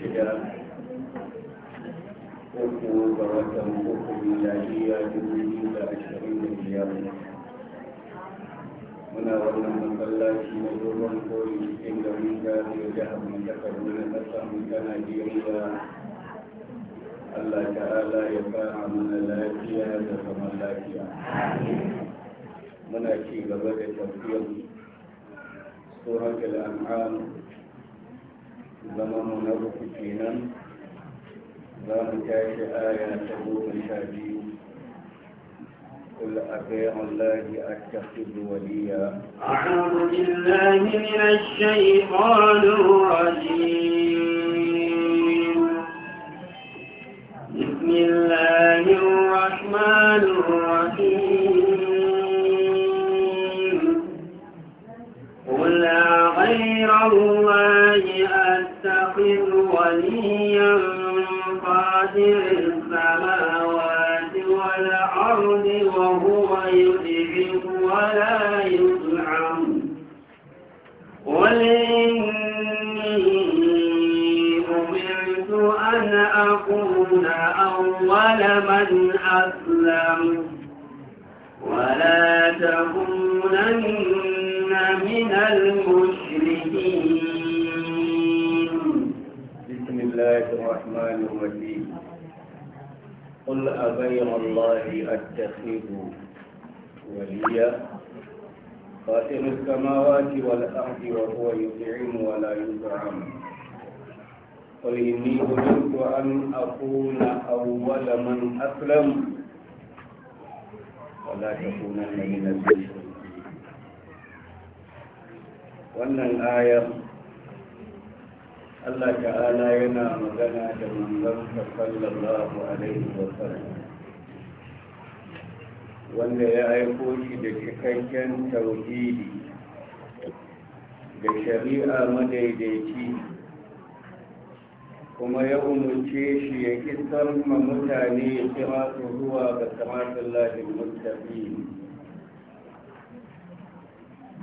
shida uku ga watan uku miladiya dubu biyu da ashirin da biyar muna wannan masallaci na dogon koyi cikin garin gari da hannun takardun na ƙasa mu ta allah ta'ala ya fara mana lafiya da zaman lafiya muna ci gaba da tafiyar surat al-an'am zaman mu na uku kenan za mu tashi aya ta قل أغير الله أتخذ وليا أعوذ بالله من الشيطان الرجيم بسم الله الرحمن الرحيم قل أغير الله وليا قادر السماوات والأرض وهو يدعم ولا يدعم قل إني أمرت أن أكون أول من أسلم أفغير الله أتخذ وليا فاطر السماوات والأرض وهو يطعم ولا يطعم قل إني أمرت أن أكون أول من أسلم ولا تكونن من المشركين وان الايه الله تعالى ينام magana da صلى الله عليه وسلم wanda ya aiko shi da cikakken tauhidi da shari'a madaidaici kuma ya umarce shi ya kisan ma mutane ya kira su zuwa ga samatun lafin mutane.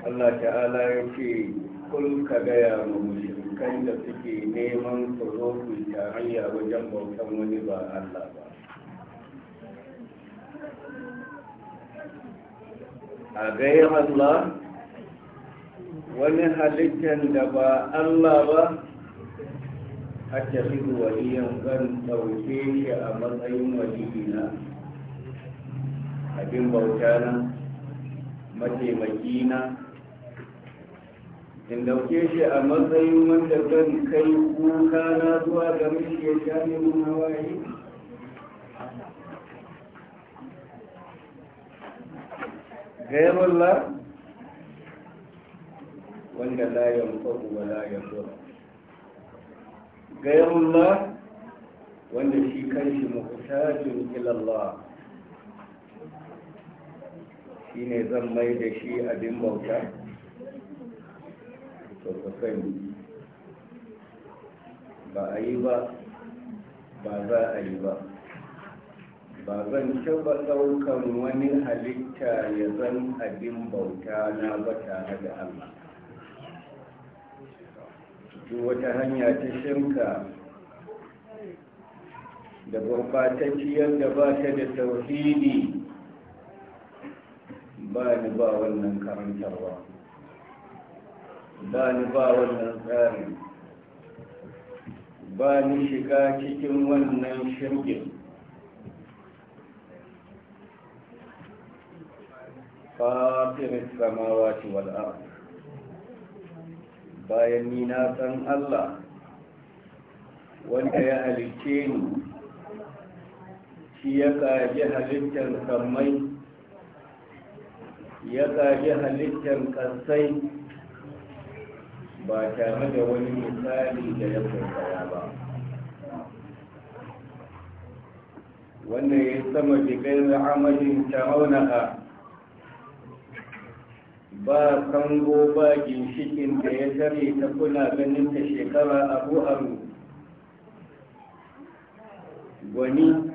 Allah ta'ala ya ce kul ka gaya ma mushrikan da suke neman su zo su tarayya wajen bautan wani ba Allah ba a gai Allah wani halittar da ba Allah ba a tafi waliyan zan ɗauke shi a matsayin waliyina abin bauta na mataimaki na in dauke shi a matsayin wanda zan kai kuka na zuwa ga mishi ya sha ne hawaye غير الله وأن لا ينفع ولا يضر غير الله وأن في كنش محتاج إلى الله shine zan mai da shi abin bauta to ka sani ba a yi ba ba za a yi ba ba zan taba daukan wani halitta ya zan abin bauta na ba tare da allah duk wata hanya ta shirka da gurbatacciyar da ba ta da tauhidi ba ni ba wannan karantarwa ba ni ba wannan tsarin ba ni shiga cikin wannan shirgin fatir samawati wal ard bayan ni na san Allah wanda ya halicce ni shi ya kaji halittar sammai ya kaji halittar kasai ba tare da wani misali da ya kwaikwaya ba wannan ya sama jikin amalin ta aunaha ba kango ba ginshikin da ya tare ta kuna ganin ta shekara abu abu gwani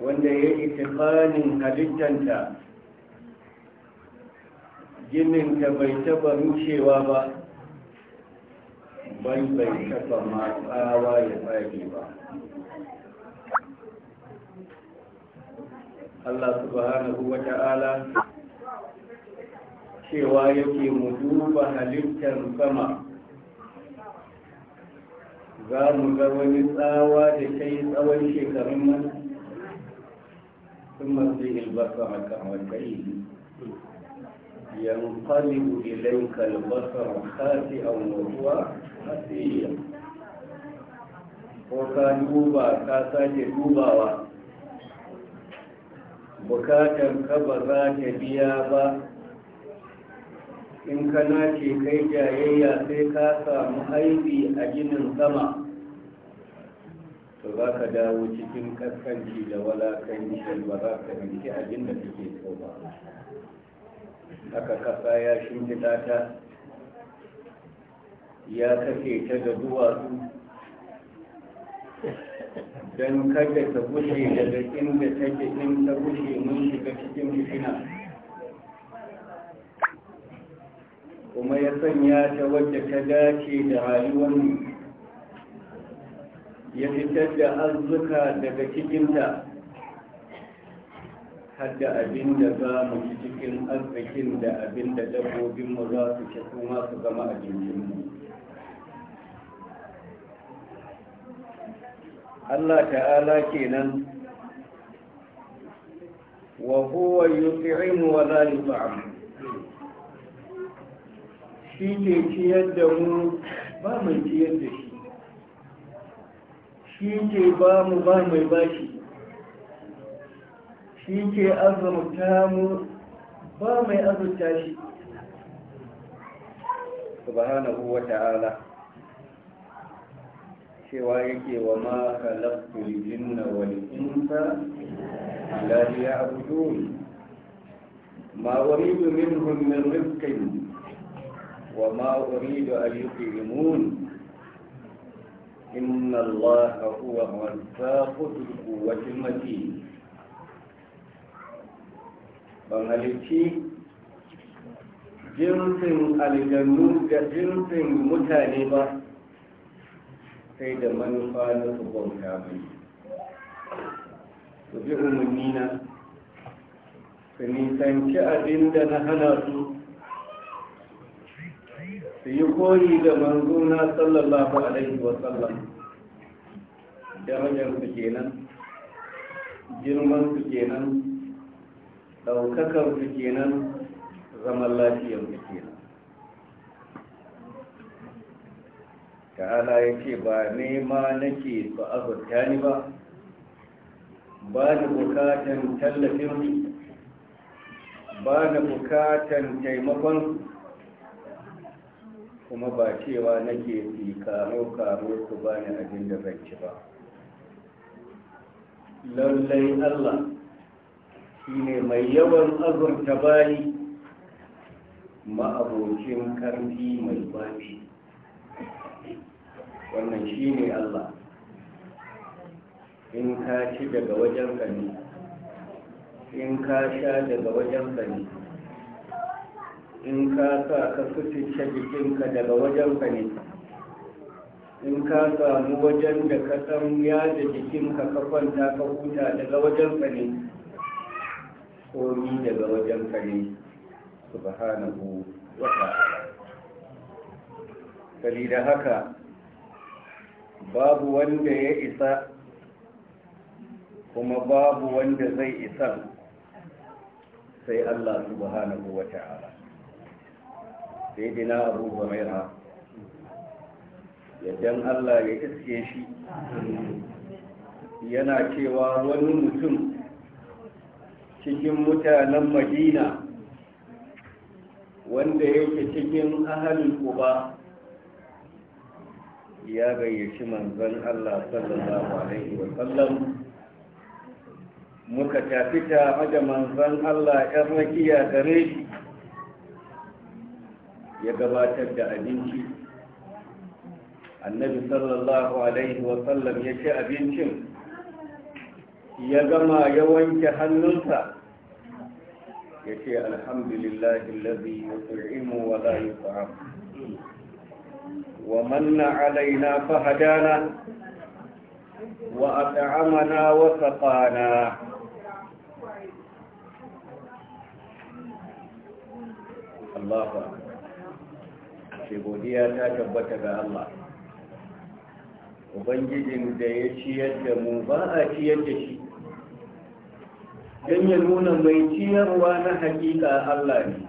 wanda ya itikanin halittanta ta bai taba rushewa ba bai bai taba matsawa ya tsage ba Allah subhanahu wa ta'ala cewa yake mu duba halittar sama za mu ga wani tsawa da ta yi tsawon shekarun mana sun masu ilbasa makamantai yanqalibu ilayka a basaru a wa a hasir ko ka duba ka sake dubawa bukatar ka ba za ta biya ba in kana ce kai jayayya sai ka samu aiki a ginin sama to za ka dawo cikin kaskanci da walakanci ba za ka a abin da kake so ba haka kasa ya shimfiɗa ta ya kashe ta da duwatsu don kada ta bushe daga inda take in ta bushe mun shiga cikin fitina kuma ya sanya ta wadda ta dace da mu. ya fitar da arzuka daga cikinta hadda abin da za mu ci cikin arzikin da abin da dabbobinmu za su ci kuma su zama jirginmu. Allah ta'ala kenan wa huwa yut'imu wa la yut'am shi ke ciyar da mu ba mai ciyar da shi shi ke ba mu ba mai bashi shi ke azumta mu ba mai azumta shi subhanahu wa ta'ala cewa yake wa ma khalaqtul jinna wal insa la ya'budun ma uridu minhum min rizqin وما أريد أن يطعمون Allah الله هو الرزاق ذو القوة المتين ban halitti jinsin aljannu da jinsin mutane ba sai da manufa na su bauta mai su bi umarnina su nisanci abin da na hana su su yi koyi da manzuna sallallahu alaihi darajar su kenan su kenan su kenan zaman lafiyar su kenan ta'ala ya ce ba nema nake ba azurta ni ba ba da bukatan tallafin ba da bukatan taimakon kuma ba cewa nake fi karo-karo ku ba ni abin da zan ba lallai allah shi ne mai yawan azurta bayi ma'abocin karfi mai bafi wannan shi ne allah in ka ci daga wajen ne in ka sha daga wajen ne in ka sa ka sutuce jikinka daga wajenka ne in ka samu wajen da ka san da jikinka ka kwanta ka huta daga wajenka ne komi daga wajenka ne subhanahu wa ta'ala sabida haka babu wanda ya isa kuma babu wanda zai isa sai Allah subhanahu wa ta'ala sayyidina abu huraira yaddan Allah ya iske shi yana cewa wani mutum cikin mutanen madina wanda yake cikin ahalin kuba ya gayyaci manzan Allah sallallahu alaihi wa muka tafi ta da manzon Allah 'yan rakiya gare shi ya gabatar da abinci annabi sallallahu alaihi wasallam ya ce abincin ya gama ya wanke hannunsa ya ce alhamdulillahi lazi ya tsurimu wa la yi wa manna alaina fahadana wa at'amana wa saqana Allahu akbar ce godiya ta tabbata ga Allah ubangijin da ya ciyar da mu ba a ciyar da shi don ya nuna mai ciyarwa na hakika Allah ne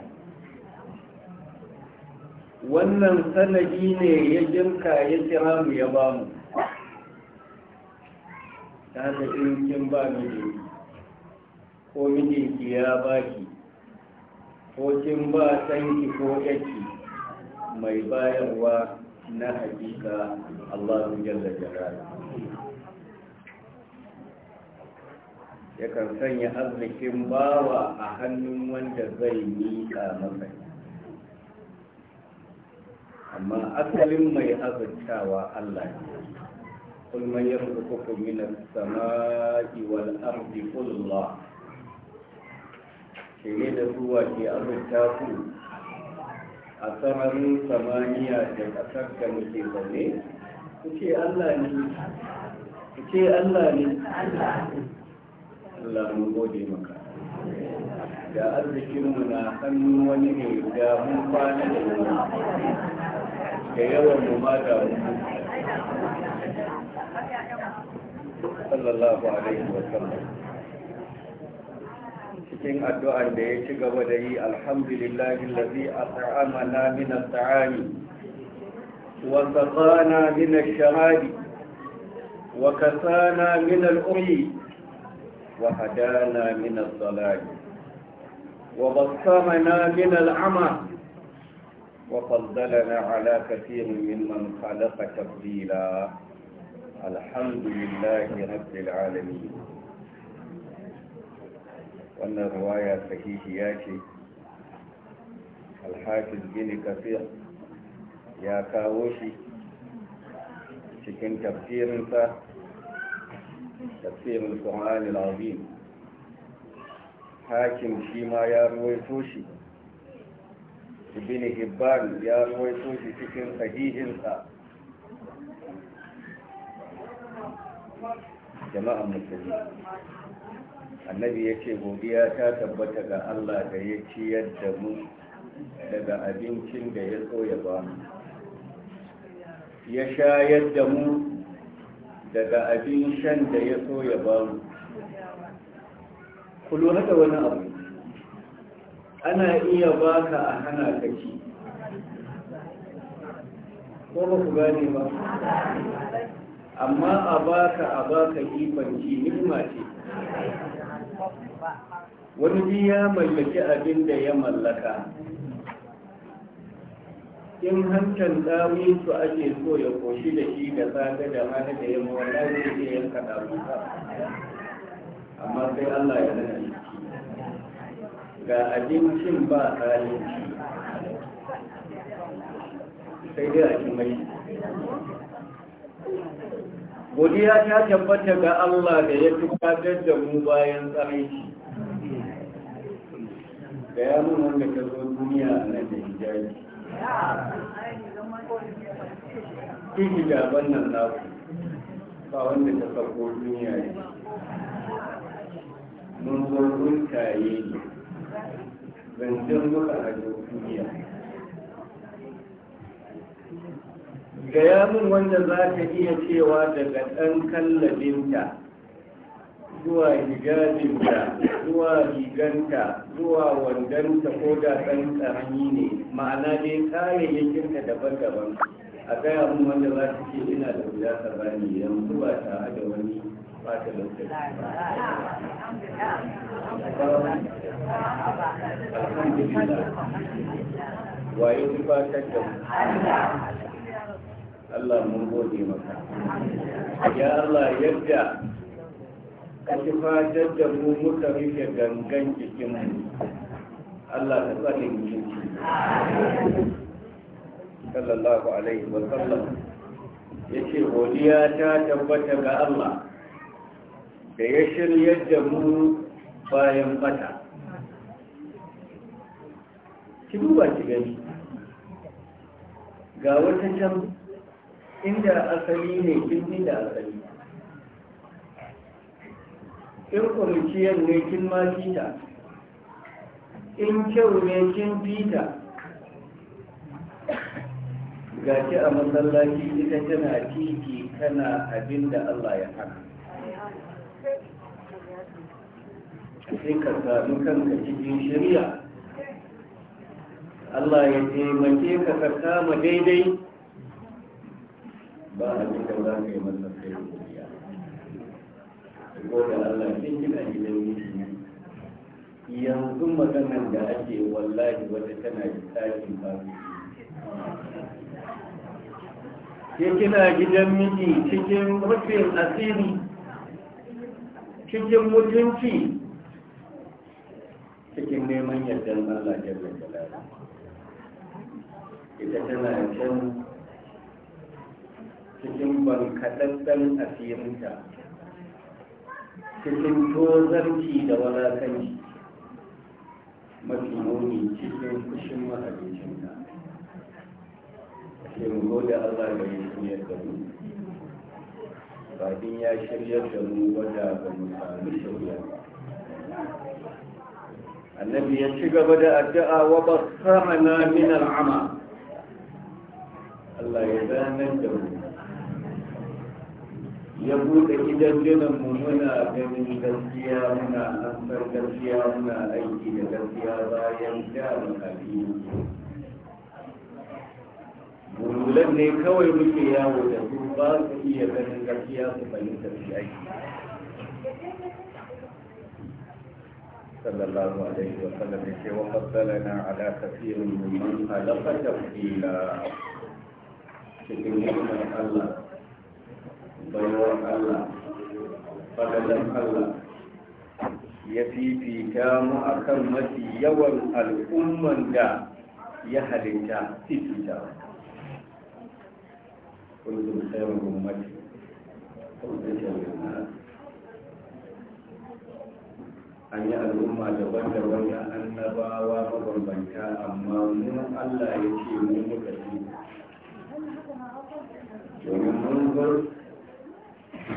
wannan sanadi ne ya jinka ya kira mu ya ba mu ta da kin ba ne ko mijinki ya baki ko kin ba sanki ko yaki mai bayarwa na hakika Allah jalla jalala yakan sanya arzikin bawa a hannun wanda zai miƙa masa amma asalin mai azurtawa Allah ne kul man yarzuqukum min as-samai wal ardi qul Allah shine da zuwa ke azurta ku a sararin samaniya da ƙasar da muke zaune ku ce Allah ne ku ce Allah ne Allah mun gode maka da mu na hannun wani ne da mun kwana da mu da yawan mu ma da mu sallallahu alaihi wa sallam cikin addu'ar da ya ci gaba da yi alhamdulillahi lafi a ta'amana min al-ta'ani wasa tsana min al-shahadi wa kasana min al-uri wa hadana min al-salari wa basamana min al-ama وفضلنا على كثير ممن خلق تفضيلا الحمد لله رب العالمين wannan ruwaya ya ce alhafiz bin kafir ya kawo shi cikin tafsirinsa tafsirin ƙwa'an al'azim hakim shi ma ya ruwaito shi ibini hibban ya ruwaito shi cikin sahihinsa jama'an musulmi annabi ya ce godiya ta tabbata ga allah da ya ciyar da mu daga abincin da ya so ya ba mu ya shayar da mu daga abin shan da ya so ya ba mu ku haka wani abu ana iya baka a hana kaki ko ba ku gane ba amma a baka a baka ikon ci nigma ce wani ji ya mallaki abin da ya mallaka in hankan dawi su ake so ya koshi da shi da zaga da hana da yamma wanda zai iya yanka dawi amma sai Allah ya nuna shi ga abincin ba halin sai dai a kimai godiya ta tabbata ga Allah da ya tukatar da mu bayan tsarki ga ya mun wanda ka zo duniya na da hijabi ki hijaban nan na ku, ba wanda ta sako duniya ne mun zo mun kaye ne zancen muka hajjo duniya gaya min wanda za ka iya cewa daga ɗan kallabinta zuwa hijabinta zuwa riganta zuwa wandanta ko da ɗan ƙarami ne ma'ana dai kayayyakinta daban-daban a gaya min wanda za ka ce ina da guda sabani yanzu ba tare da wani bata Wa waye tufatar da mu Allah mun gode maka ya Allah yadda ka ci fatar da mu muka rufe gangan cikin mu Allah ka tsare mu sallallahu alaihi wa sallam ce godiya ta tabbata ga Allah da ya shirya da mu bayan bata ki duba ki gani ga wata can inda asali ne kin inda asali in kurciyar ne kin ma fita in kyau ne kin fita Ga gashi a masallaci ita tana titi kana abin da Allah ya hana sai ka sami kanka cikin shirya Allah ya taimake ka ka ma daidai ba a cikin za ka yi masa sai godiya da Allah kin kina gidan miji yanzu maganar da ake wallahi wata tana da tsakin ba ke kina gidan miji cikin rufin asiri cikin mutunci cikin neman yardar Allah jalla jalala ita tana can cikin bankaɗaɗɗen asirinta cikin tozarci da wadatanci mafi muni cikin fushin mahaifinta sai mu da Allah ga yi shiryar da mu bakin ya shirya da mu wadda ba mu sami shirya ba annabi ya ci gaba da addu'a wa basarana min al'ama Allah ya zanar da mu يقول إذا جنا هنا جمن كسيا هنا أنفر كسيا هنا أيدي كسيا لا ينجا من أبيه ولن يكوى بكيا ودفوقا سيا جمن كسيا سبعين كسيا صلى الله عليه وسلم وفضلنا على كثير من من خلق تفضيلا شكرا لله baiwar Allah fadalar Allah ya fifita mu a kan mafi yawan al'umman da ya halitta fifita kuntum khairu ummati ummatan lin-nas an yi al'umma daban-daban da annabawa mabambanta amma mun Allah ya ce mun muka fi domin mun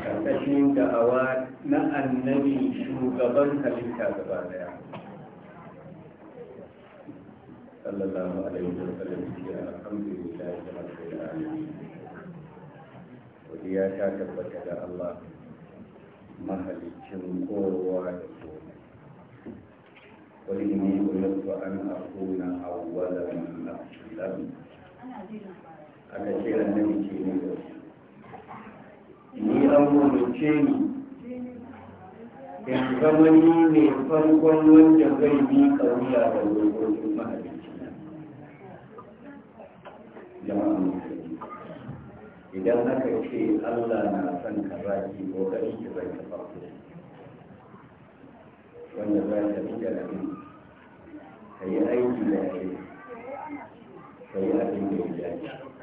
ƙarƙashin da'awa na annabi shugaban halitta gaba daya sallallahu alaihi wa sallam ce alhamdulillah da rabbil alamin godiya ta tabbata da Allah mahalicin kowa da kowa wani ne wani umirtu an akuna awwala man aslam Ana ce annabi ce ne da an umarce ni in zama ni ne farkon wanda zai bi kauya da dokokin mahalicci jama'a musulmi idan aka ce allah na son ka zaki ko kari ki zai ta farko wanda za ta fi da ni, ka yi aiki da shi ka yi abin da ya dace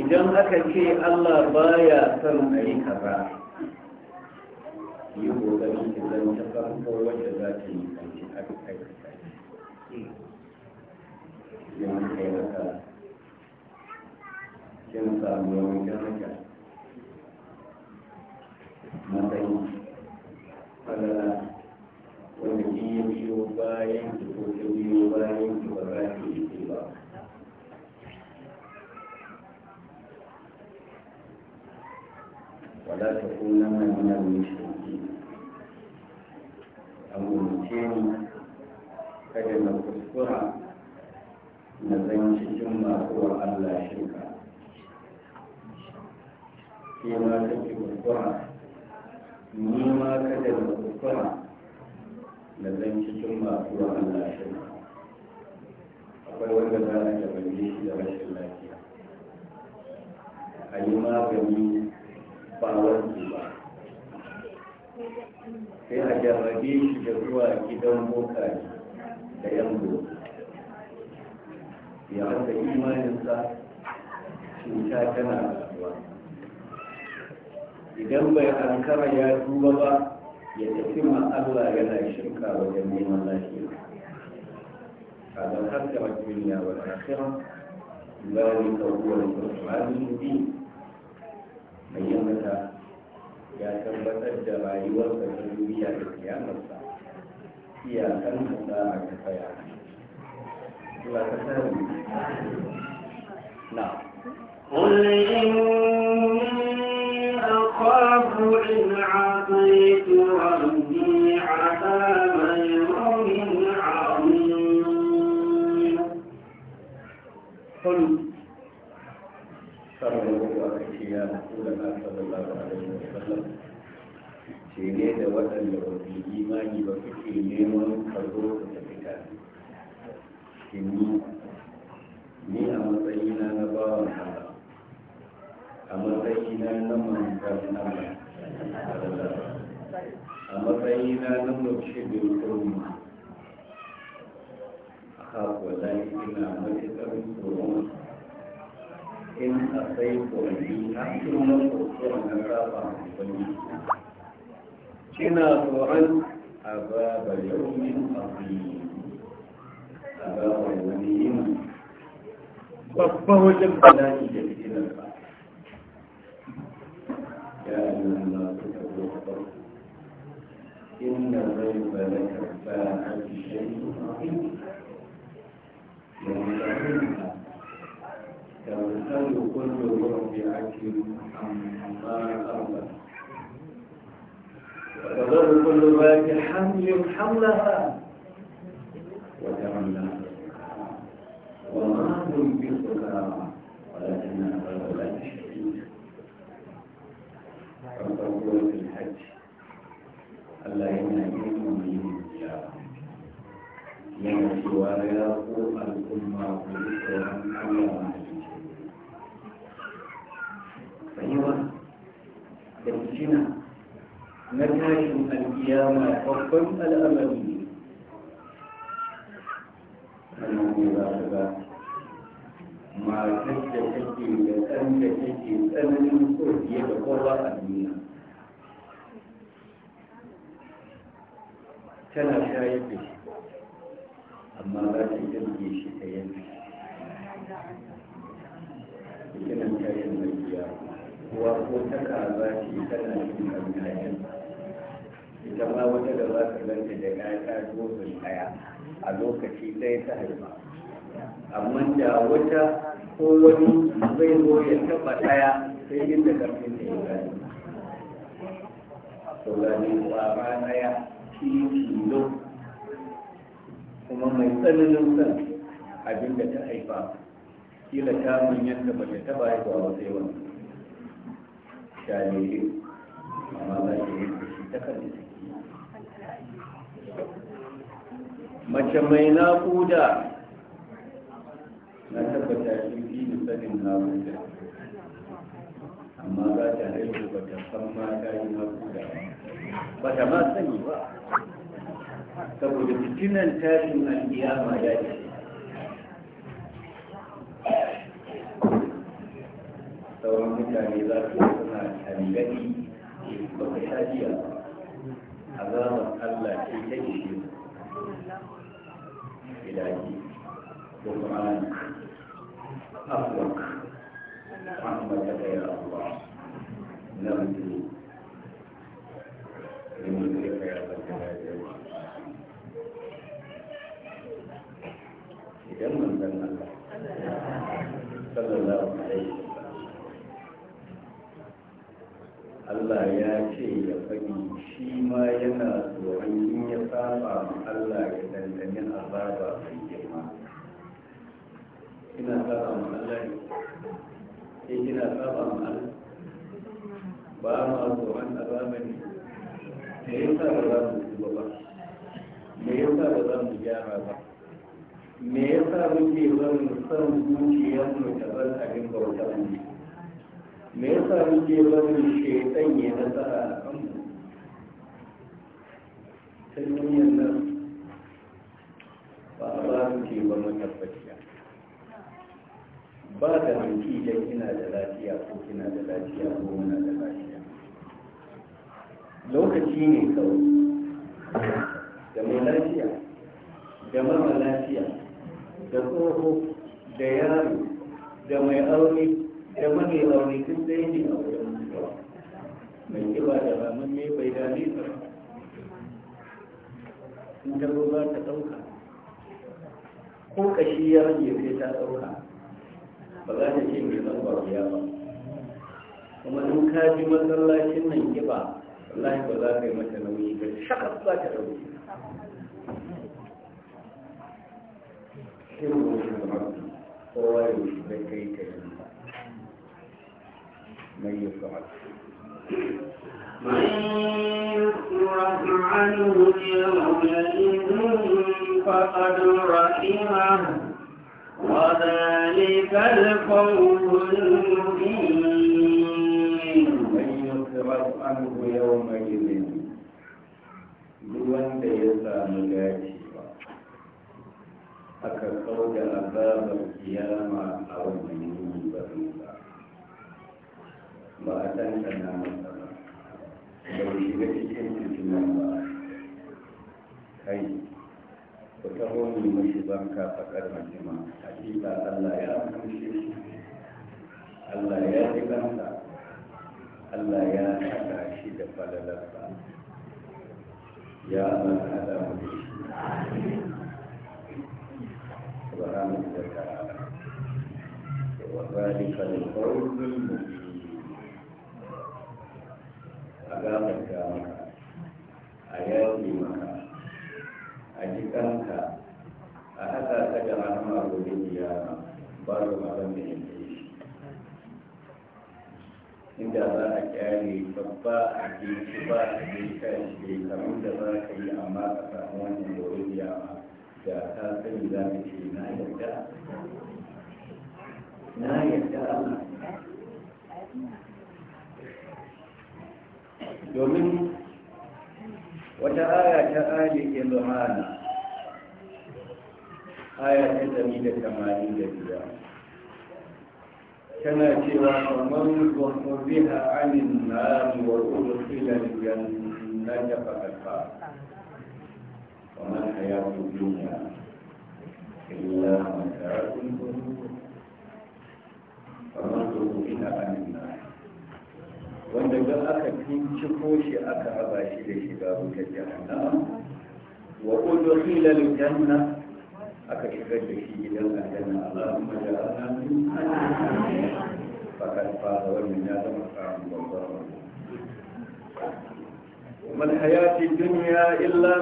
idan aka ce Allah baya son a yi kaza yi ƙoƙarin ki zan ta farko wacce za ta yi kanci a kai haka kin samu wani kyanaka matsayi falala wanda ki yi biyo bayan ki ko yi, biyo bayan ki ba za ki yi ba ولا تكونن من المشركين an umarce ni kada na kuskura na zan cikin masu wa Allah shirka ke ma take kuskura ni ma kada na kuskura na zan Allah akwai wanda za a jaballe shi da rashin lafiya a yi magani ba wanzu ba sai a jarrabe shi da zuwa gidan boka da yan boka ya wanda imaninsa cuta tana rasuwa idan bai ankara ya duba ba ya tafi ma Allah yana shirka wajen neman lafiya kaga har da duniya wa akhirah ذلك هو القرآن المبين mai yin ya tabbatar da rayuwarsa ta duniya da kiyamarsa iyakan hasa a ta tsaya na قل إن waɗanda ba su imani ba suke neman karɓo su ta fita ni a matsayina na bawan Allah a matsayina na manzan Allah a matsayina na mushidin umma haka wallahi ina matuƙar tsoron in akwai ƙwarfi har kuma ƙwarfi na saba a wani كنا فرن أباب يوم عظيم أباب يوم وفه جبلا جبلا يا من لا تكذب إن غيب لك فاعة شيء عظيم يوم تنسل كل ربعك عما أرضك وتذر كل ذات حمل حملها وجعلنا وما ينبسها ولكن أغلب لا تشركون فقول في الحج ألا ينهيكم من الزيارة يمشي ويراق الأمة بشرا على فأيوه بالسنة نتاج القيامة وقم الأمل ما كنت تشكي لأنت تشكي أمل أهديك قرى الدنيا tana shayar da shi amma za ta ɗirge shi ta yanki ikinan tayin mai biya kuwa ko ta kaza ce tana yin ɗan ita ma wata da za ka ganta da gata dozin daya a lokaci ɗaya ta haifa amma da wata ko wani zai zo ya taɓa ɗaya sai da ƙarfin da ya gani to gani ƙwara ɗaya kilo kuma mai tsananin san abin da ta haifa kila ta manyan da ba ta taɓa haifa ba sai wani shalili amma za ta yi ta kan mace mai naƙuda na tabbata shi fi da sanin naƙuda amma za ta haihu ba ta san mata yi naƙuda ba ta ma sani ba saboda fitinan tashin ma ya ce sauran mutane za su suna tangani ba ka shafiya zama Allah ce ta ishe su ilahi Al-Quran Afwak Rahmatka ya Allah Nabi Ini kita ya Idan mun san Allah sallallahu alaihi Allah ya ce ya faɗi shi ma yana tsoron yin ya saba ma Allah ya dandani azaba mai girma kina saba ma Allah ne ke eh, kina saba ma Allah ba ma tsoron azaba ne me yasa ba za mu duba ba me yasa ba za mu gyara ba me yasa muke zan san zuciyarmu da zan abin bautar mu me yasa muke barin shaitan ya nasara a kanmu ta duniyar nan ba a ba su ce ba matabbaciya ba da hanki idan kina da lafiya ko kina da lafiya ko muna da lafiya lokaci ne kawai da mai lafiya da mara lafiya da tsoho da yaro da mai aure da mafi rauni tun da yake a wajen mutuwa mai kiba da ramin mai bai da ta in ta ba ta ɗauka ko kashi ya rage sai ta ɗauka ba za ta ce mai zan barbiya ba kuma in ka ji matsalacin nan kiba wallahi ba za ka yi mata nauyi ba shakas ba ta ɗauki kowa ya wuce bai kai ta yi من يفعل من يفرج عنه يومئذ فقد رحمه وذلك الفوز المبين من يفرج عنه يومئذ wanda ya sami dacewa aka kauda azabar kiyama a wannan ɗanɗana masa da mu shiga cikin fitina ba kai ku ta ne mashi banka faɗar mutima hakika allah ya amshe shi allah ya ji kansa allah ya haɗa shi da falalarsa ya allah haɗa mu da shi subhanahu wa وذلك الفوز المبين gafarta maka a yaƙi maka a jikanka a haɗa ta da rahama gobe kiyama ba da malam da ya ke. inda za a kyale babba a ke gefe ba a gefe shekarun da za ka yi amma ka samu wannan gobe ma, da ta sani za ka ce na yarda na yarda Allah domin wata aya ta ke ilhana aya ta ɗari da tamanin da biyar tana cewa kamar gwamnabiha anin nari wa ulfilar jannata faɗaɗa وما الحياة الدنيا إلا متاع الغرور فمن منها عن na. wanda ga aka ko shi aka haba shi da shiga wutar jahanna wa kullu al-janna aka shigar da shi gidan aljanna Allahumma ja'alna min fakat fa wannan ya zama karam illa وما الحياة الدنيا إلا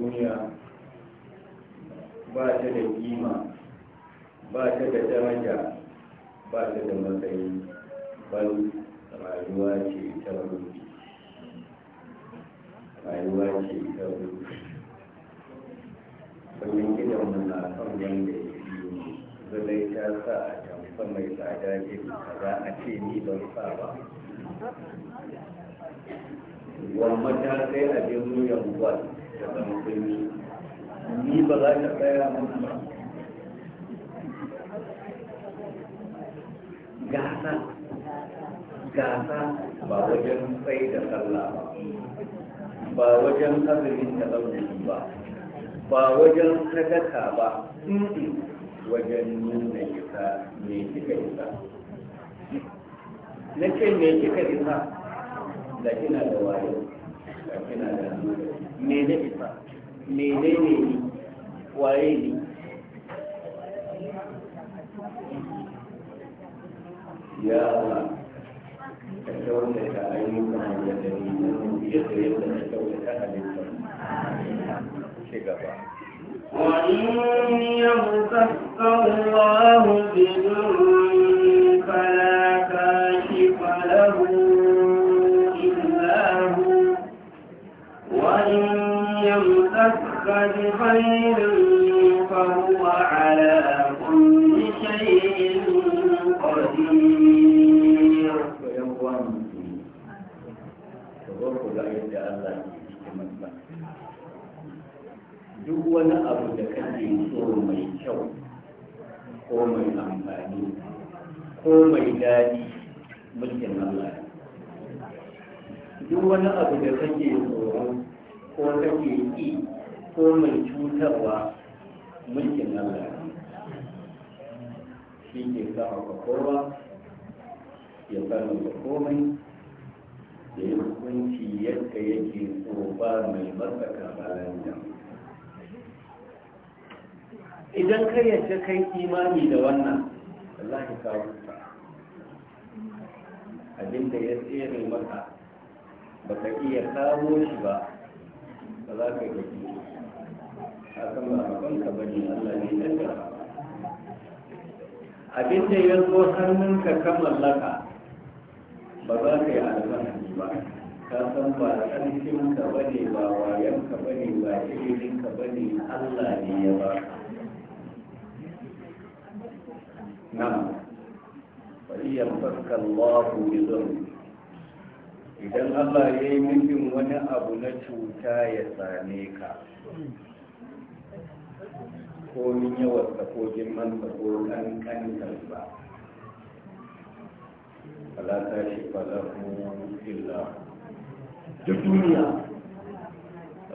duniya, ba ta da ba ta da daraja. ba ta da matsayi ban rayuwa ce ta rufi rayuwa ce ta rufi kullum gidanmu na kan wanda ya biyo zalai ta sa a tamfa mai tsada ce kaza a ce ni ban sa ba wamma ta sai a je mu yanguwa da zama ni ba za ta tsaya mun ba gasa gasa ba wajen sai da sallah ba wajen azumin da ba ba wajen sadaka ba wajen nuna isa ne kika isa na ce me kika isa da kina da wayo da kina da me na isa menene ne ni, waye ne ya ka kyautata ayyukan da ya yadda yadda ka kyautata halittar ci gaba وإن يمسك الله بضر فلا كاشف له إلا هو وإن يمسك بخير فهو على كل شيء wani abu da kake so mai kyau ko mai amfani ko mai daɗi mulkin Allah duk wani abu da kake tsoro ko kake ƙi ko mai cutarwa mulkin Allah shi ke sa ka kowa ya kama da komai da ya hukunci yadda yake so ba mai masa kamala idan ka yadda kai imani da wannan za ka kawo abin da ya tsere maka ba ka iya kawo shi ba ba za ka gaji kan ba abin ba ne, Allah ne daga abin da ya zo hannunka ka mallaka ba za ka yi alfahari ba ka san ba ƙarfinka ba ne ba wayanka ba ne ba iliminka ba ne Allah ne ya ba ka نعم فإن يمسك الله بضر idan Allah ya yi nufin wani abu na cuta ya same ka komin yawan tsakokin man tsako kankantar ba alaka shi falahu illa duk duniya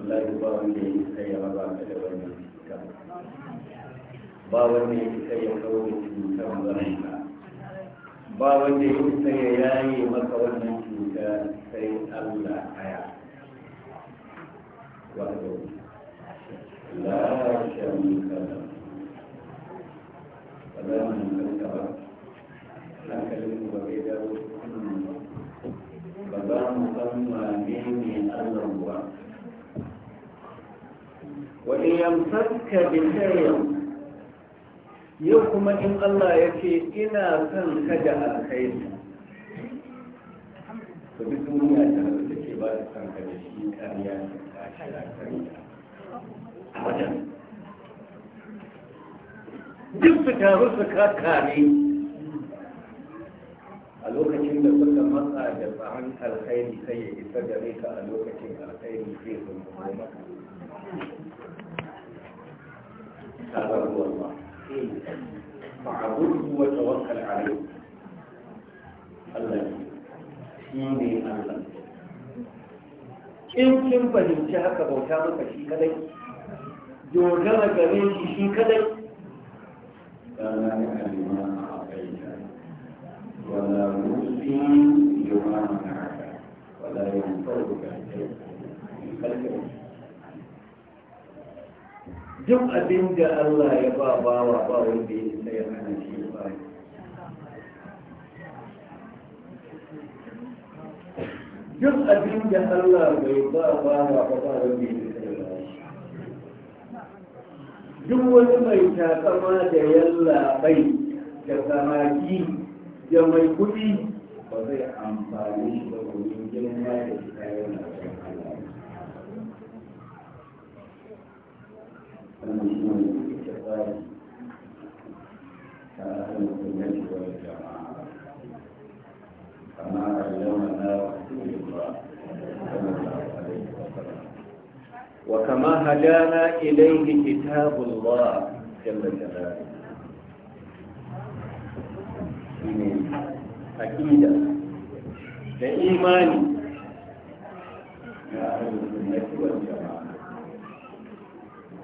Allah ya ba ya yi sai ya raba ka da wannan ba wanda ya isa ya kawo da cutar zaranka ba wanda ya isa ya yi maka wannan cuta sai allah haya wato la shamika lahu ba. Ba za mu كلمة بعيدة فلا مسمى مني ألا الله وإن يمسك بخير yau kuma in Allah ya ce ina son ka da ne ta duk duniya ta da ke ba da son ka da shi kariya ta kashira kariya a wajen duk su taru su kakare a lokacin da suka matsa da tsaron alkhairi sai ya isa gare ka a lokacin alkhairi zai zama maka. Sabar ruwan ba. فاعبده وتوكل عليه Allah shi ne Allah in kin fahimci haka bauta maka shi kadai dogara gare shi shi kadai kana ni kalima a baita wala musi yuwa na wala yanfa'uka kai kalkar duk abin da Allah ya ba bawa ba wanda ya isa ya hana shi ba duk abin da Allah bai ba bawa ba ba wanda ya isa ya ba shi duk wani mai takama da yalla bai da samaki da mai kuɗi ba zai amfani shi ba domin girma da shi وكما هدانا إليه كتاب الله جل جلاله أكيدا لإيماني يا أهل السنة والجماعة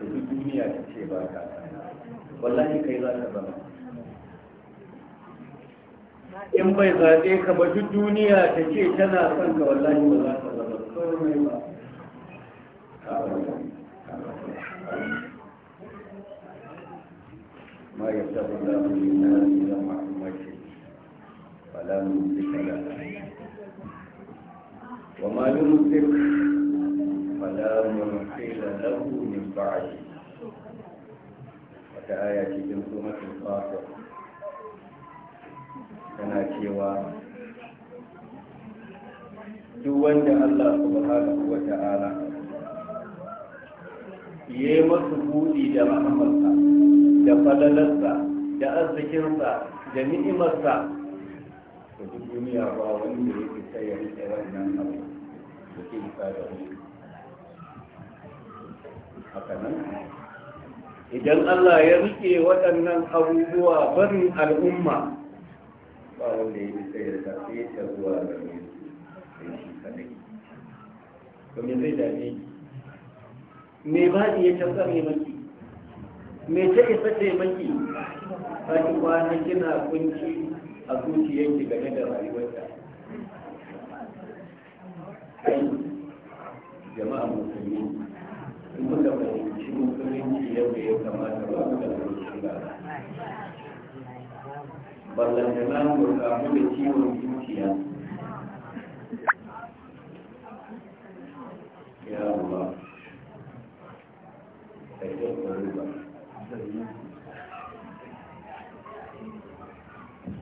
da duk duniya ta ce ba ka wallahi kai za ka zama in bai zaɓe ka ba duk duniya ta ce tana son ka wallahi ba za ka zama komai ba ما يفتح الله للناس إلى معلومته فلا ممسك لها وما يمسك بعد وتآية من سورة الفاطر tana cewa duk wanda Allah subhanahu wa ta'ala ya yi masu buɗi da rahamarsa da falalarsa da arzikinsa da ni'imarsa da duk duniya ba wani da yake sayar da wannan abu da ke isa da wani haka idan Allah ya rike waɗannan abubuwa barin al'umma ba wanda ya bisa ya tafi ta zuwa da ne sai shi kadai me zai dame me ba ya tafi tsare maki me ta isa ta maki ba ki kwana kina kunci a zuciyarki game da rayuwarta jama'a musulmi shi ya fahimci musulunci yadda ya kamata ba mu da musulunci ba ballantana mu da ciwon zuciya ya Allah ka yi ba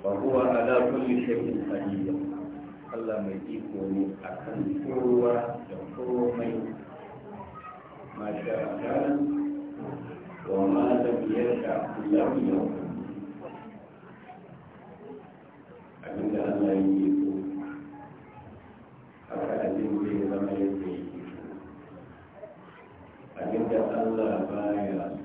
وهو على كل شيء قدير الله ما يكون kowa قوة وقوة ما شاء كان وما لم يشاء لم يكن abin da Allah yake so haka abin zai zama yake Allah baya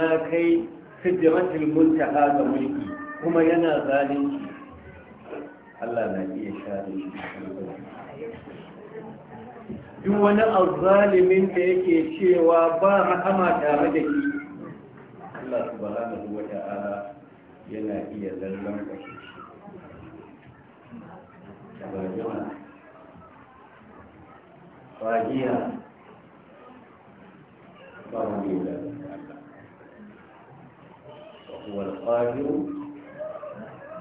ya kai sidratul muntaha ga mulki kuma yana zalunci Allah na iya share shi duk wani azzalimin da yake cewa ba rahama tare da shi Allah subhanahu wa ta'ala yana iya zallan kashe shi tabajima fajiya ba wani da وهو القادر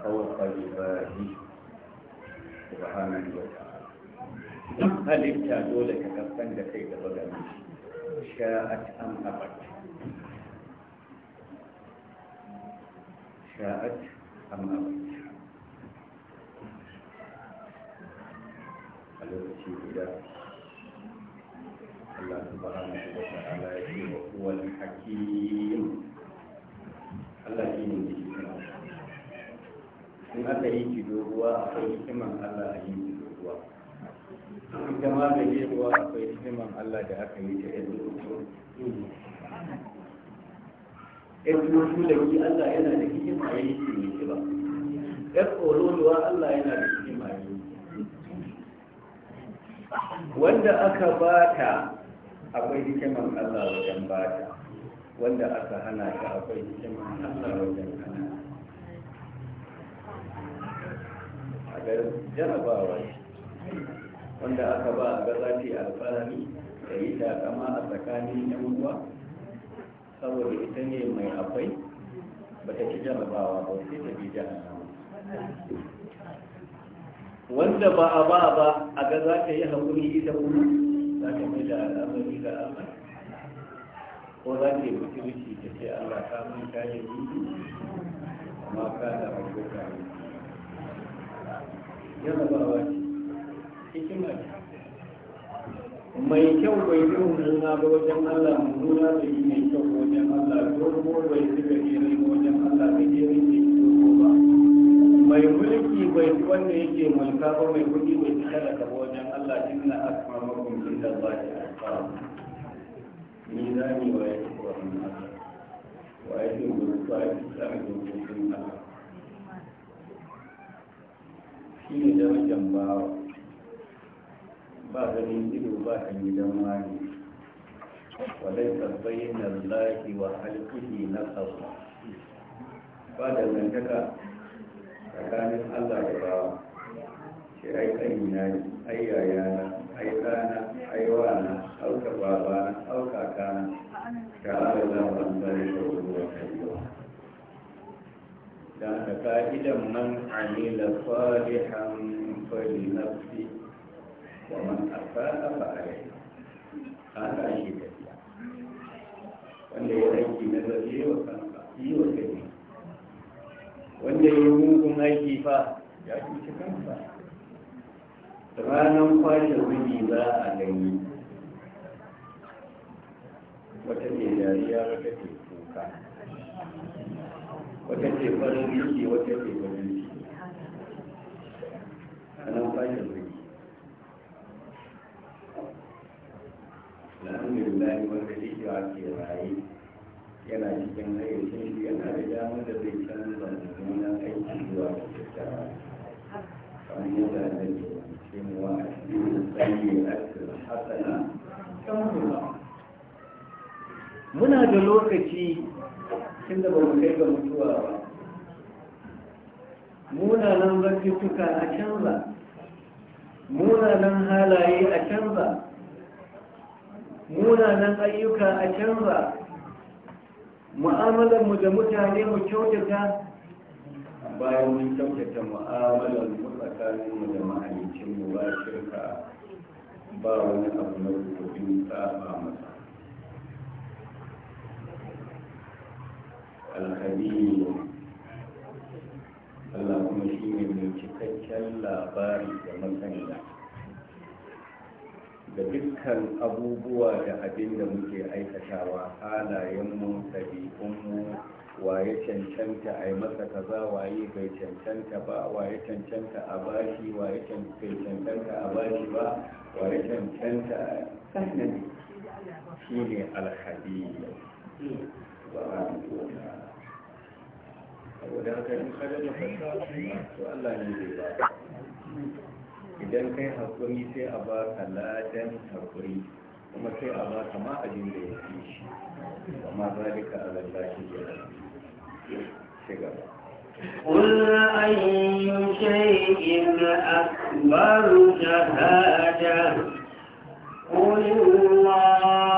فوق عباده سبحانه وتعالى هل انت دولك كفن لكيد الرجل شاءت ام ابت شاءت ام ابت هل الذي بدا الله سبحانه وتعالى هو الحكيم Allah shi aka yi ki akwai hikiman Allah a yi ta wanda aka bata akwai hikiman Allah wajen bata wanda aka hana ta akwai cikin Allah wajen hana a ga jarabawa wanda aka ba a gaza ce alfahari da yi takama a tsakanin yan saboda ita ne mai akwai ba ta ci jarabawa ba sai ta bi jahannama wanda ba a ba a ga za ta yi haƙuri ita kuma za ta mai da al'amari da al'amari ko za ka yi ce allah mun yi amma ka da rago yi ce hikima ce mai kyau bai fi mummuna ba wajen allah mummuna da yi mai kyau wajen allah dogo bai fi gajere wajen allah gajere ne dogo ba mai mulki bai wanda yake mulka ba mai kuɗi bai fi talaka wajen allah inna akmamakum inda ba ya ni za ni wa ya fi kwarin haka wa ya fi gudu wa ya fi samun shi ne bawa ba ganin ido ba kan gidan wani وليس بين الله وخلقه نقص بعد ذلك فكان الله يراه ce ai kanina ne ai yayana ai ɗana ai wana auka babana auka kana ta ala za a ɓangare da ruwa ta yiwa da ka ka'idan man amila salihan fali nafsi wa man asa'a fa alai haka shi tafiya wanda ya aiki na zafi wa kanka yi wa kanka wanda ya yi mugun aiki fa ya cuci kanka ranar kwashe rubi ba a gani wata ke dariya wata ke kuka wata ke farin ciki wata ke farin ciki ranar kwashe rubi alhamdulillah wanda a ake raye yana cikin hayyacin shi yana da damar da zai canza da aiki zuwa da kyakkyawa kamar yadda da muna da lokaci tun ba mu kai ga mutuwa ba nan zartuka a canza nan halaye a canza munanan ayyuka a canza mu'amalarmu da mutane mu kyautata bayan mun kyautata mu'amalarmu tsakaninmu da mahalicinmu ba shirka ba wani abu na kudin saba masa alkabiri Allah kuma shi ne mai cikakken labari da masaniya da dukkan abubuwa da abin da muke aikatawa halayenmu ɗabi'unmu waye cancanta a yi masa kaza waye bai cancanta ba waye cancanta a bashi waye bai cancanta a bashi ba waye cancanta a sannan shi ne alhadi ba a wadda saboda haka yin kada da fasa to Allah ne zai ba idan kai haƙuri sai a ba ka ladan haƙuri kuma sai a ba ka ma da ya fi shi amma zalika a lallashi ya rasu قل أي شيء أكبر شهادة قل الله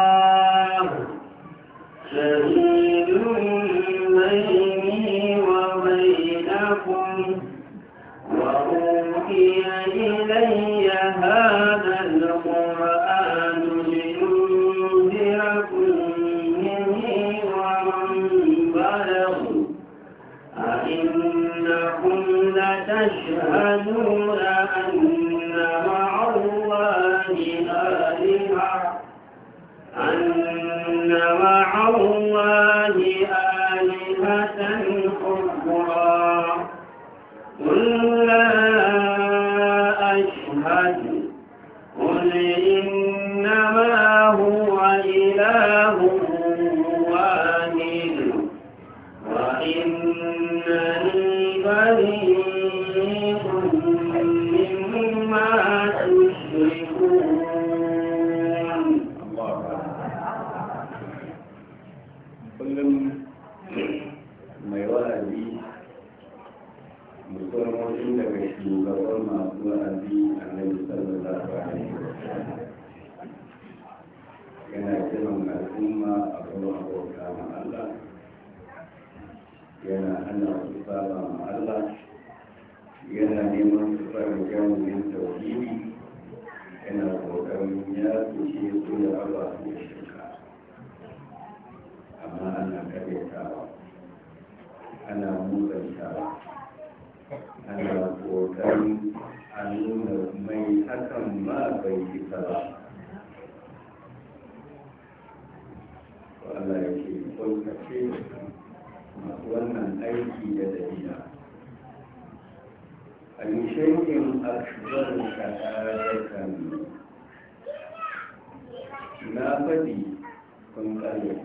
kun ƙarya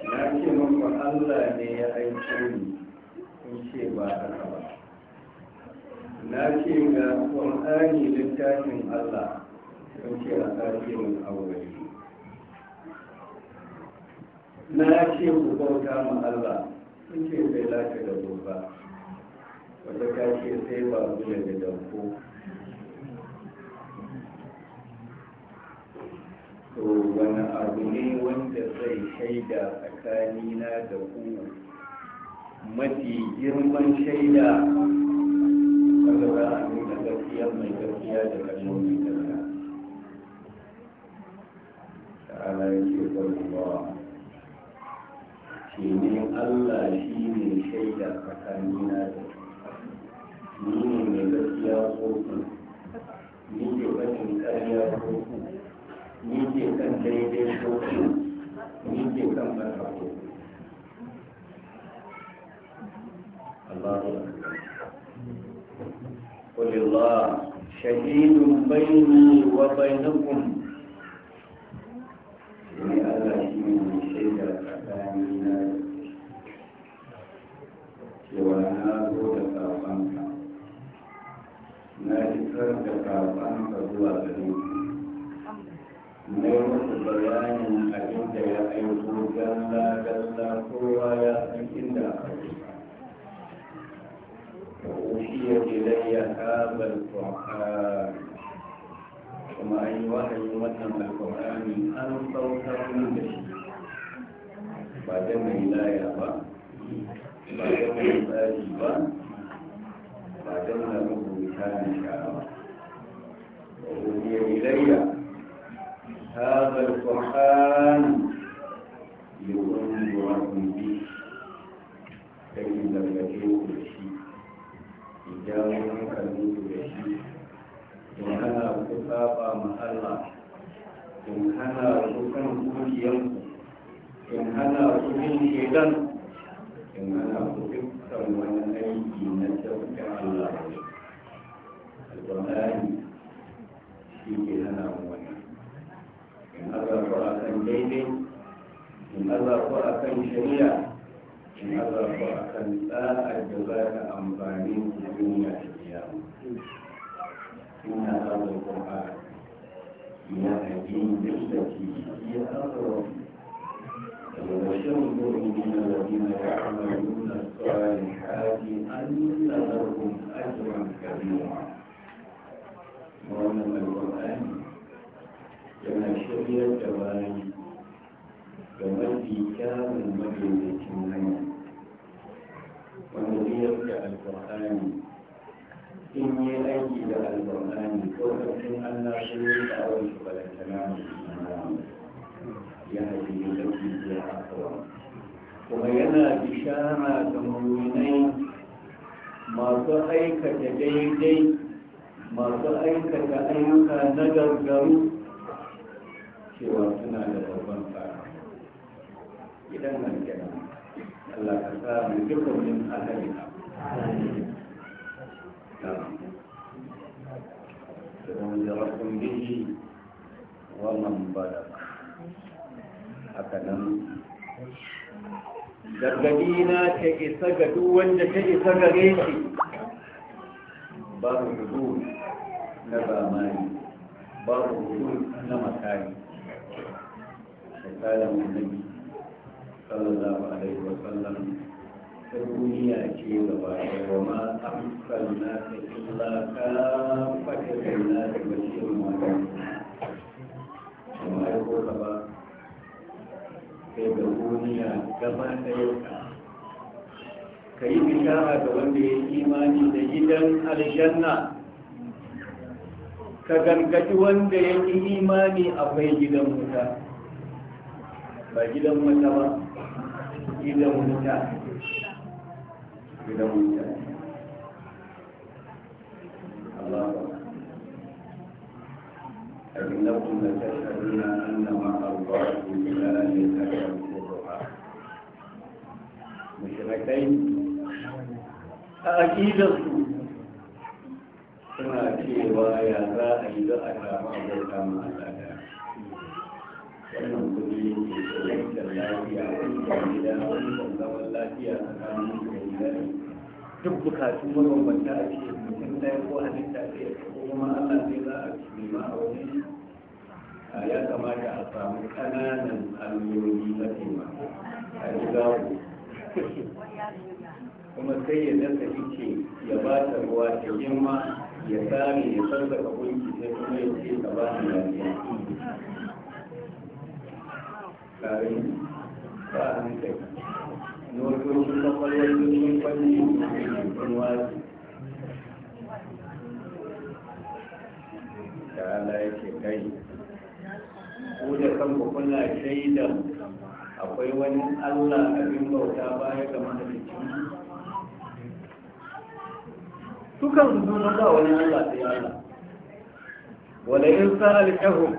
na ce muku allah ne ya aiko ni kun ce ba haka ba na ce ga ƙwar'ani littafin allah kun ce a ƙarfi mun aure na ce ku bauta ma allah kun ce bai lati da gobe wata ka ce sai ba zuwa da dauko to wani abu ne wanda zai shaida tsakanina da ku mafi girman shaida kaga za a nuna gaskiya mai gaskiya da kalmomi mai ta ta'ala ya ce kwallowa ce ne allah shi ne shaida tsakanina da ku ni ne mai gaskiya ko ku ni ke bakin karya ko ku ni ke شهيد بيني وبينكم إن الله شهيد شهيد أكانينا سوانا بودك أفنك نادي فرد أفنك بوا ne wasu bayanin abin da ya aiko galla galla kowa ya san inda a ya ilayya kabar kwakwari kuma an yi wahayi wannan alkwakwari an sauka wani shi ba da mai laya ba ba da mai tsari ba ba da mai rubuta ne shi ya ilayya هذا القرآن يؤمركم به فإن لم يجوك بشيء إذا لم بشيء وأنا كتابة محلة in hana su kan kukiyanku in hana su bin shekan in hana su dukkan wani aiki na tafka Allah ne alƙur'ani ke akan daidai in aza ku akan shari'a in aza a akan tsa'ar da za ka amfani da duniya da kiyama ina aza ku a ya aji duk da ke iya azawa وبشر المؤمنين الذين يعملون الصالحات أن لهم أجرا كبيرا ومن القرآن yana shiryar da bayi ga mafi kyawun majalisacin hanya wanda zai yarda alfahari in yi aiki da alfahari ko kafin allah su yi tsawon shi balantana mai ya haɗe da jijiya akawa kuma yana bishara ga mummunai masu aikata daidai masu aikata ayyuka na gargaru cewa suna da babban fara idan nan kenan Allah ka sa mu duka mun alheri na فمنذركم bada ومن بلغ هكذا gargadina ta isa ga duk wanda ta isa gare shi babu hudu na zamani ba babu hudu na makari da kayan annabi sallallahu alaihi wasallam ta duniya ce gaba da goma amsalna ta illa ka fata kaina da bashirin wata kuma ko ka ba sai da duniya gaba ɗaya ka ka yi bishara ga wanda ya imani da gidan aljanna ka gargaɗi wanda ya imani akwai gidan wuta ba gidan mata ba gidan wuta gidan wuta Allah أنكم لتشهدون أن مع ba, إلها a مشركين أكيد suna cewa ya za a yi za a samu a ma Allah wannan duk bukatu mabambanta a cikin mutum ɗaya ko halitta ɗaya ko kuma Allah zai za a nema a wani ya kamata a samu ƙananan alloli na tema a kuma sai ya dasa ce ya ba ta ruwa ta girma ya sami ya sarrafa gunki sai kuma ya ce ka ba ta lafiya kare ba da ala yake kai ku da kanku kuna akwai wani allah abin bauta baya ga mahalicin su sun ba wani allah sai allah wala in sa'al kahum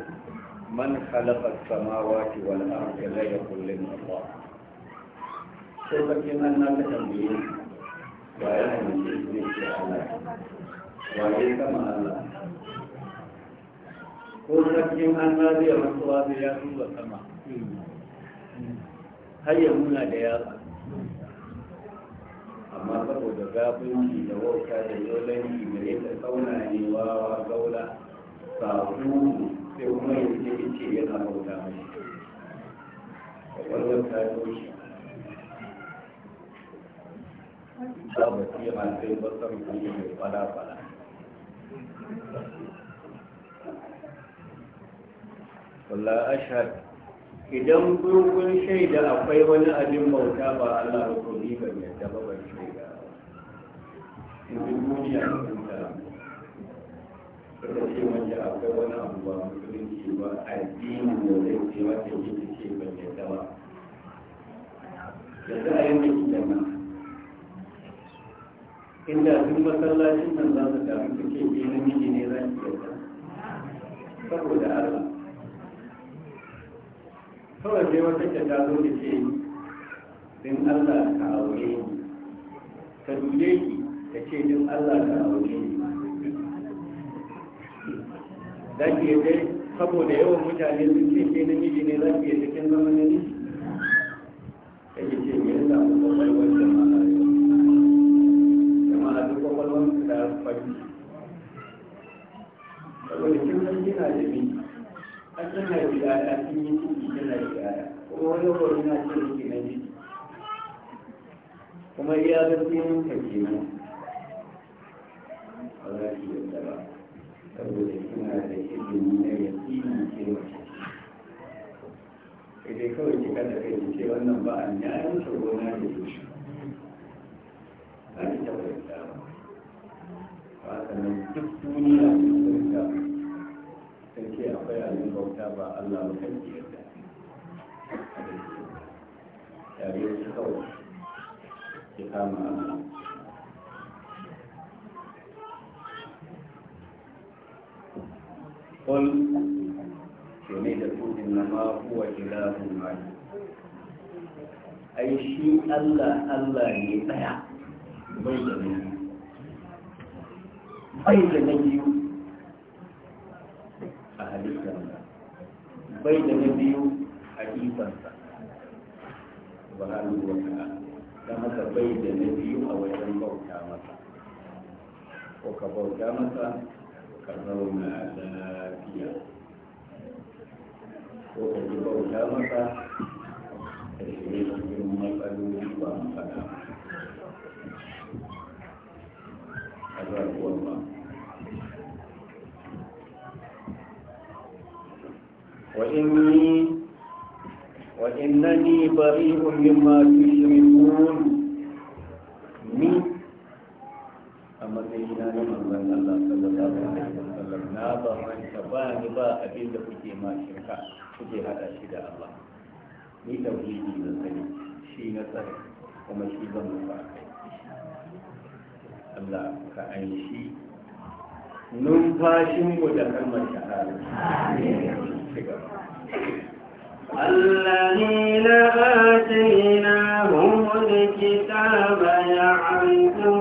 من خلق السماوات والأرض لا يقول لنا الله سوف كما أنك تنبيه وأنا من إذنك الله وإذنك مع الله قل لكم أن هذه الرسوة يا رسول السماء هيا هنا لياقة amma saboda gabanci da wauta da yolanci da yadda kauna ne wawa gaula sabu sai kuma ya ce ce yana bauta mai wannan ta doshi ba ba ce a sai basar kuma mai fada-fada Walla ashad idan kun shaida akwai wani abin bauta ba Allah ba ko ni ban yadda ba ban shaida. Idan duniya suka ce wanda akwai wani abu ba musulunci ba addini da zai ce wata yi ta ce ban yadda ba yanzu a yanzu ki jama inda sun masallacin nan za su tafi su ce ke namiji ne za ki yadda saboda Allah kawai sai wata ta zo da ce din Allah ka aure ni ka dule ki ta ce din Allah ka aure ni za ki yadda saboda yawan mutane sun ce ke namiji ne za ki yadda kin zama namiji ya ke ce me yasa ku kwakwalwar jama'a jama'a duk kwakwalwar su da fashi saboda kin san kina da ni an san na yi yaya kin yi ciki kina da yaya kuma wani kwakwalwar na ce miki namiji kuma iya gaskiyan ka kenan ba za ki yadda ba saboda suna da ilimi na yaƙini cewa kai dai kawai ki kada kai ki ce wannan ba an ya yi ta gona da yi shi ba ki taɓa yadda ba ba sannan duk duniya ne ta sai ke akwai abin bauta ba Allah ba kan ki yadda a da ke yare su kawai ki kama Allah da شميدة إنما هو إله واحد ai shi Allah Allah ne tsaya bai da nan bai da na biyu a halittar bai da na biyu a ikonsa ba hannu wata don haka bai da na biyu a wajen bauta masa ko ka bauta masa ka zauna lafiya ko ka ji bauta maka ka shiga cikin matsaloli ba faɗa a zarkuwar ba وإني وإنني بريء مما تشركون من na ga manzon Allah sallallahu alaihi wasallam na ba manta ba ni ba abin da kuke ma shirka kuke hada shi da Allah ni tauhidi na sani shi na tsare kuma shi zan mutu kai Allah ka an shi numfashinmu da kalmar shahada shiga الذين آتيناهم الكتاب يعرفون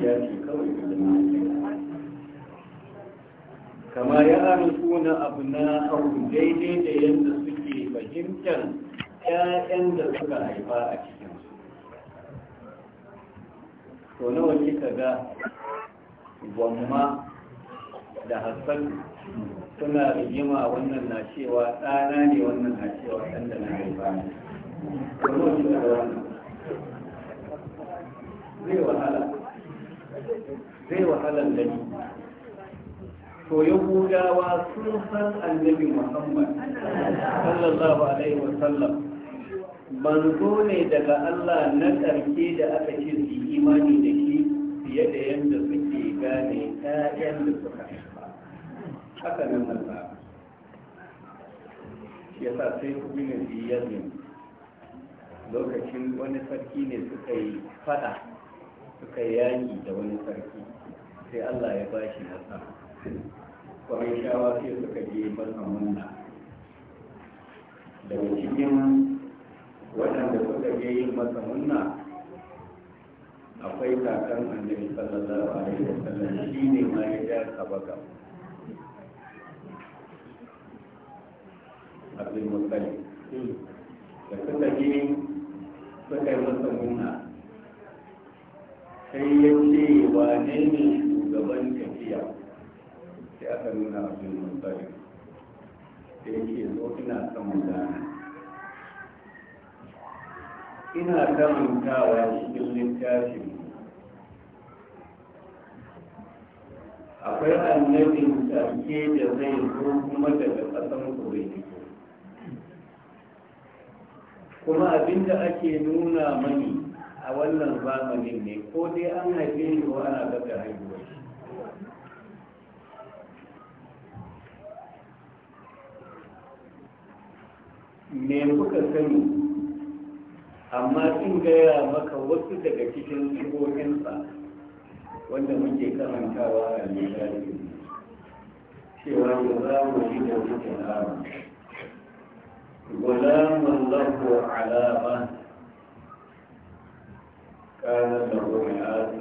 dukiya ce kawai kama ya arzu na abu na abu daidai da yadda suke fahimtar 'ya'yan da suka haifa a cikinsu to nawa kika ga gwamma da hassan suna rigima wannan na cewa ɗana ne wannan na cewa ɗan da na haifa ne zai wahala zai wahalar da ni to yahudawa sun san annabi muhammad sallallahu alaihi wasallam manzo ne daga allah na ƙarfe da aka ce su imani da shi fiye da yadda suke gane ƴaƴan da suka haifa haka nan nan ya sa sai kuma ne lokacin wani sarki ne suka yi fada suka yaki da wani sarki sai Allah ya ba shi nasa kwarai shawa sai suka je masa munna daga cikin waɗanda suka je yin masa munna akwai kakan annabi sallallahu alaihi wasallam shi ne ma ya ja sabaka abdul mutalib da suka je suka yi masa munna sai ya ce wa ne shugaban tafiya sai aka nuna abin mutane sai ya ce zo ina son mutane ina mutawa cikin littafin akwai annabin sarki da zai zo kuma daga ƙasan kuwait kuma abinda ake nuna mani a wannan zamanin ne ko dai an haife shi ko ana daga haihuwa shi me kuka sani amma sun gaya maka wasu daga cikin sigoginsa wanda muke karantawa a misali cewa da za mu yi da cikin ala ba كان له مئات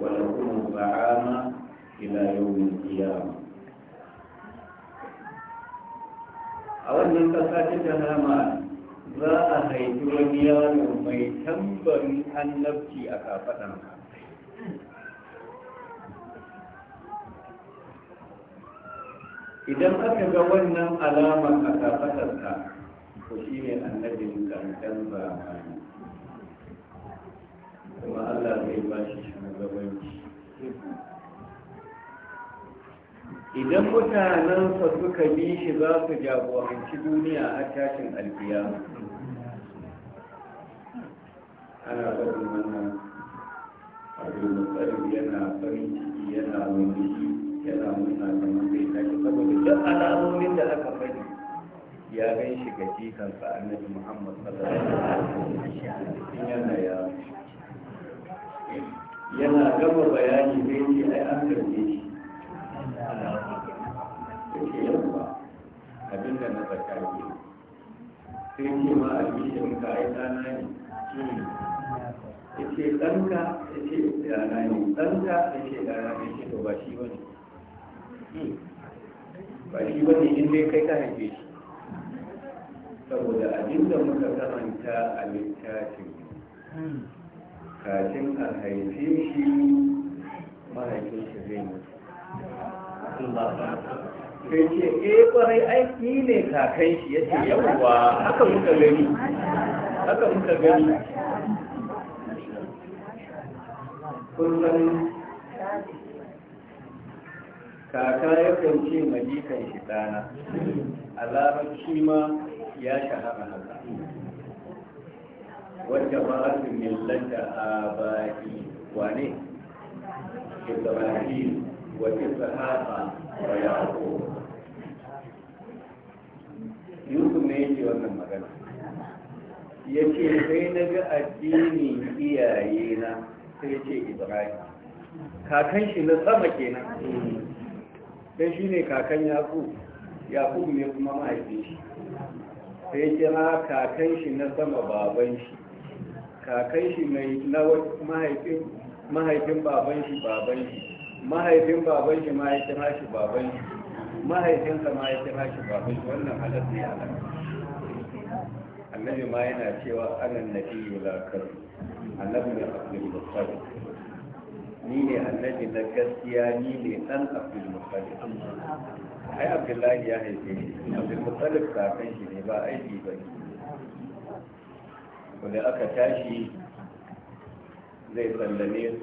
ولكم الطعام إلى يوم القيامة a wannan ƙasa ta jahama za a haifi wani yaro mai tambarin annabci a kafaɗansa idan aka ga wannan alama a kafaɗarsa ko shi ne annabin kankan zamani kuma allah zai ba shi shugabanci idan mutanensa suka bi shi za su jagoranci duniya a tashin alkiyama ana faɗin wannan abin abdulmutsari yana farin ciki yana wani yana murna kamar zai tashi saboda duk alamomin da aka faɗi ya gan shi ga jikansa annabi muhammad sallallahu alaihi wasallam yana yaro yana gama bayani zai yake a an karbe shi ke yamma abin da na zaka ke sai ke ma a shi ka ai dana ne yake ɗanka ce ɗana ne ɗanka ce ɗana ne shi ba shi ba ne ba shi ba ne in dai kai ka haife shi saboda abin da muka karanta a littafin kafin a haife shi mahaifin shi zai mutu sai ce e eh, kwarai aiki ne kakan shi ya ce yawwa haka muka gani haka muka gani kullum kaka ya kance majikan shi dana a larabci ma ya shahara haka wanda ba su a abadi wane ibrahim wa ishaqa wa yaqub yusuf ne yake wannan magana Ya ce sai na ga addinin iyaye na sai ce ibrahim kakan shi na sama kenan Sai shi ne kakan yaqub yaqub ne kuma mahaifin shi sai kira kakan shi na sama baban shi Kakai shi mai na mahaifin mahaifin baban shi baban shi mahaifin baban shi mahaifin hashi baban shi mahaifinsa mahaifin hashi baban shi wannan halar ne halar annabi ma yana cewa ana nabi yula kar annabi ne abdul muttalib ni ne annabi na gaskiya ni ne dan abdul muttalib ai abdullahi ya haife shi abdul muttalib kakan shi ne ba aiki ba ne wanda aka tashi zai sallame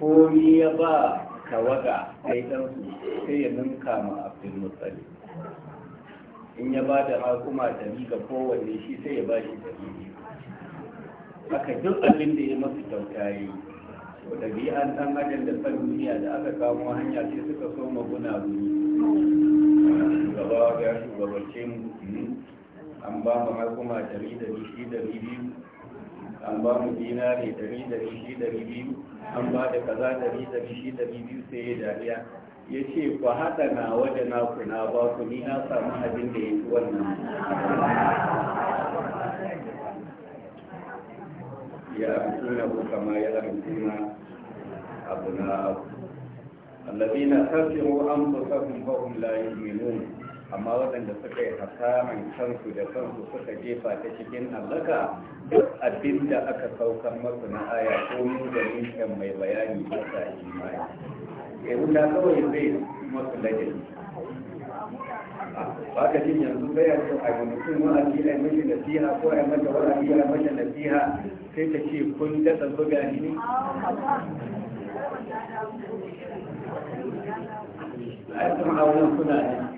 su ni ya ba waga sai ɗansu sai ya ninka ma abin mutsali in ya ba da hakuma dari ga kowanne shi sai ya ba shi dari aka duk abin da ya mafi kyauta yi to an ɗan ajin da san duniya da aka kamo hanya sai suka so maguna guni shugaba ya shugabance mu an ba mu harkuma dari dari shi dari biyu an ba mu dinari dari dari shi dari biyu an ba da kaza dari dari shi dari biyu sai ya dariya ya ce ku haɗa na wada na ku na ba ku ni na samu abin da ya fi wannan ya amtuna ku kama ya amtuna abu na abu الذين خسروا أنفسهم فهم لا يؤمنون amma waɗanda suka yi hasaran kansu da kansu suka jefa ta cikin allaka duk abin da aka saukar masu na aya ko mu da nishan mai bayani ba sa imani ya eh, wuta kawai zai masu lajin ba ka jin yanzu zai yanzu a yi mutum wa'azi a mashi siya ko a yi mata wa'azi a mashi siya sai ta ce kun dasa buga ni a yi sun auren kuna ne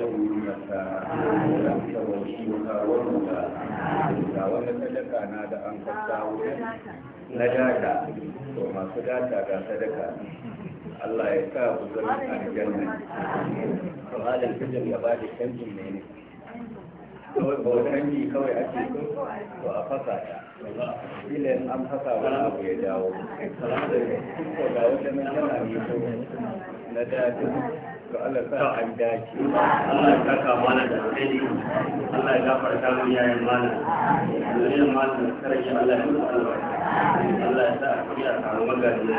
يومك لك وليها ومولا wani sadaka na da an kasta na data to masu data ga sadaka Allah ya sa ku zama aljanna to halin fijin ya ba canjin ne ne kawai ba wani kawai ake so to a fasa ta an fasa wani abu ya dawo to ga wata mai yana na data to Allah sa an dace Allah ya saka mana da alheri Allah ya gafarta mu yayin mana yayin mana da karshe Allah ya mutu Allah ya sa ku ya samu magani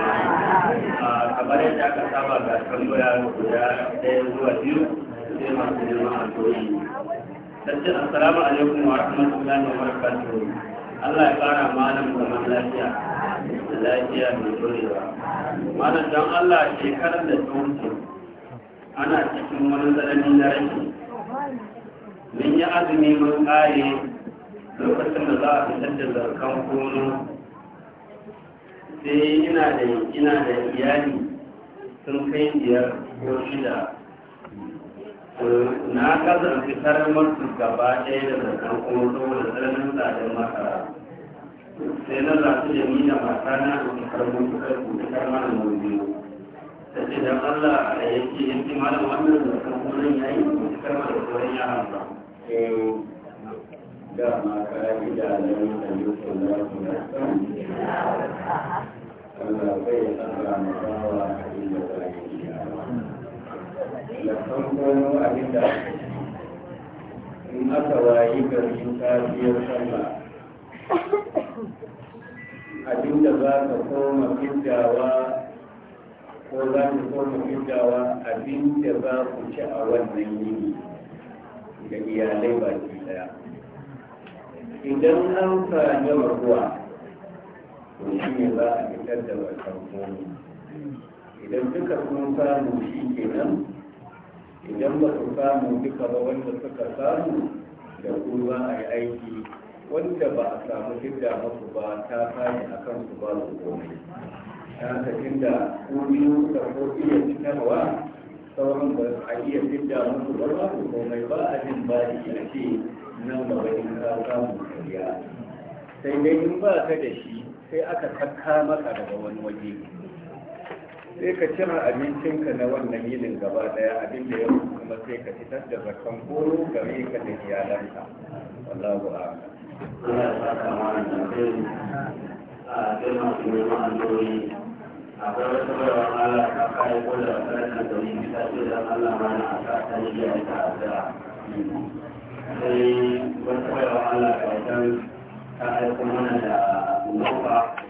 a kamar yadda aka saba ga tambaya guda ɗaya zuwa biyu sai masu neman addu'o'i Sace assalamu alaikum wa rahmatullahi wa barakatuhu Allah ya kara malam zaman lafiya da lafiya mai dorewa malam don Allah shekarar da ta wuce ana cikin wani tsananin da rashi yi azumi mun kare lokacin da za a fitar da zarkan kono sai ina da ina da iyali sun kai biyar ko shida na kasa fitar masu gaba ɗaya da zarkan kono saboda tsananin tsadar makara sai na zafi da ni da matana a fitar mutu kai mana mu biyu ta ce Allah a yake yanki malam wannan da kan kullum ya yi kalmar da sauran ya hamsa. Eh, da ma kayi da nan da yake na kuma Allah bai tsara masawa a inda za a yi da farko abin da in aka wayi garin safiyar sallah Abinda da za ka koma fitawa ko za so koma fitawa abin da za ku ci a wannan yini da iyalai baki daya idan an sami raguwa to shi ne za a fitar da wasan komi idan duka sun samu shi kenan idan ba su samu duka ba wanda suka samu da ku za a yi aiki wanda ba a samu duk da masu ba ta fari a kan su ba su komai ta haka inda ko biyu da ko iya fitarwa sauran ba a iya da musu ba ba ko komai ba a jin ba a ce nan ba in ka samu kariya sai dai in ba ka da shi sai aka kakka maka daga wani waje sai ka cira abincinka na wannan yinin gaba daya abin da ya kuma sai ka fitar da zakan goro gare ka da iyalanka wallahu a'lam Allah ya saka da a girma su neman alloli akwai wata bayan Allah ta kare ko da makarantar da bisa da na aka ta ne ta addu'a sai wata mana da nufa